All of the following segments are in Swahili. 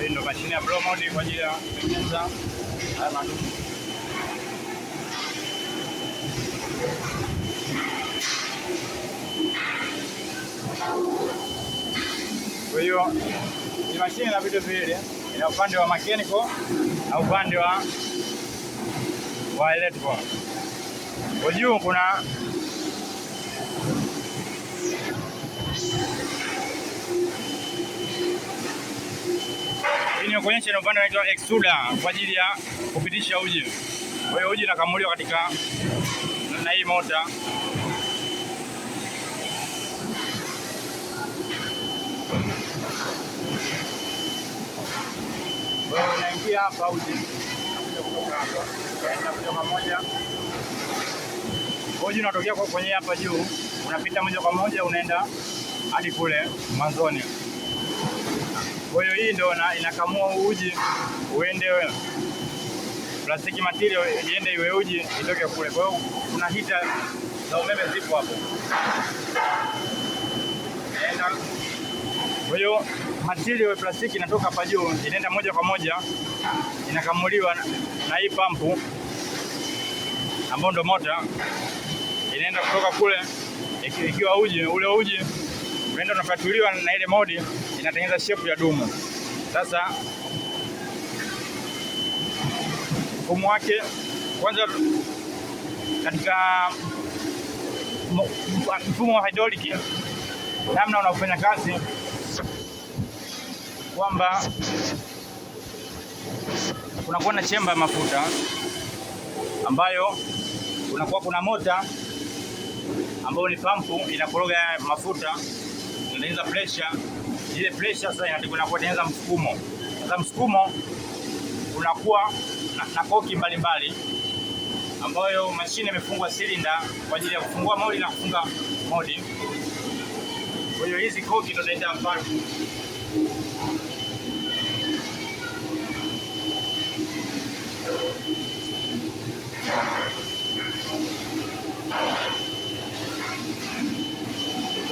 Hii ndio mashine ya blow mold kwa ajili ya kutengeneza haya madumu. Kwa hiyo ni mashine na vitu viwili, ina upande wa mechanical na upande wa wa electrical. Kwa juu kuna kuonyesha upande inaitwa extruder kwa ajili ya kupitisha uji. Kwa hiyo uji unakamuliwa katika na hii mota. Unaingia hapa uji unakuja pamoja, uji unatokea kwenye hapa juu, unapita moja kwa moja unaenda hadi kule mwanzoni. Kwa hiyo hii ndio inakamua uji uende plastiki material iende iwe uji itoke kule. Kwa hiyo kuna hita za umeme zipo hapo. Kwa hiyo material ya plastiki inatoka hapa juu inaenda moja kwa moja inakamuliwa na hii pampu ambayo ndo mota inaenda kutoka kule ikiwa uji ule uji unaenda unafuatiliwa na ile modi inatengeneza shepu ya dumu. Sasa mfumo wake kwanza, katika mfumo wa hydraulic namna unaofanya kazi kwamba kunakuwa na chemba ya mafuta ambayo kunakuwa kuna mota ambayo ni pampu inakoroga mafuta unatengeneza pressure. Ile pressure sasa ndio unapotengeneza msukumo. Sasa msukumo unakuwa na, na koki mbalimbali ambayo mashine imefungwa silinda kwa ajili ya kufungua modi na kufunga modi Kwa hiyo hizi koki tunaita valve.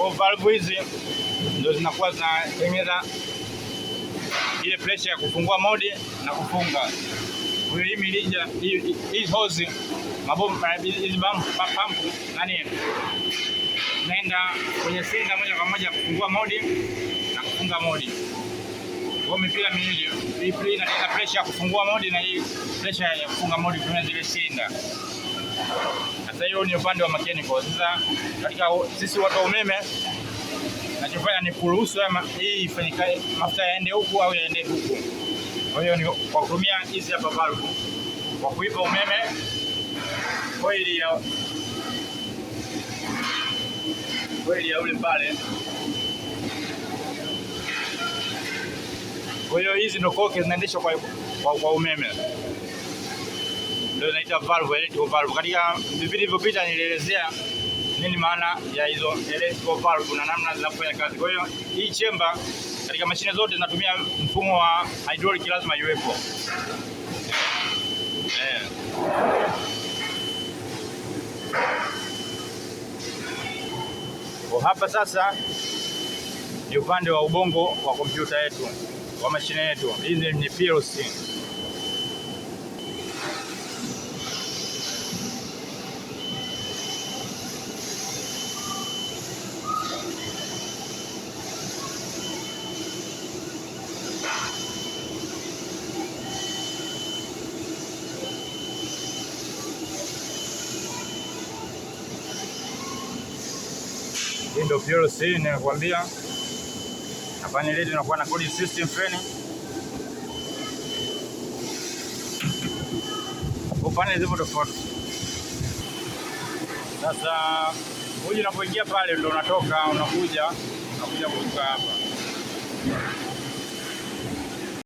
Kwa valvu hizi ndio zinakuwa zinatengeneza ile presha ya kufungua modi na kufunga hii mirija hii hozi mabomba hizi nani naenda kwenye sinda moja kwa moja kufungua modi na kufunga modi. Kwa mipira miwili hii inaleta pressure ya kufungua modi na hii pressure ya kufunga modi kutumia zile sinda. Sasa hiyo ni upande wa mechanical. Sasa katika sisi watu wa umeme nachofanya ni kuruhusu hii ifanyike, mafuta yaende huku au yaende huku. Kwa hiyo ni kwa kutumia hizi hapa valve kwa kuipa umeme koili ya koili ya ule pale. Kwa hiyo hizi ndo koke zinaendeshwa kwa, kwa, kwa umeme ndio inaita valve, electrical valve. Katika vipindi vilivyopita nilielezea nini maana ya hizo electrical valve na namna zinafanya kazi. Kwa hiyo hii chemba katika mashine zote zinatumia mfumo wa hydraulic, lazima iwepo eh. Hapa sasa ni upande wa ubongo wa kompyuta yetu wa mashine yetu, hizi ni PLC. Hii ndio fuel seal ninakwambia. Na pani letu inakuwa na cooling system fan. Upande zipo tofauti. Sasa huyu unapoingia pale ndio unatoka unakuja unakuja kuzunguka hapa.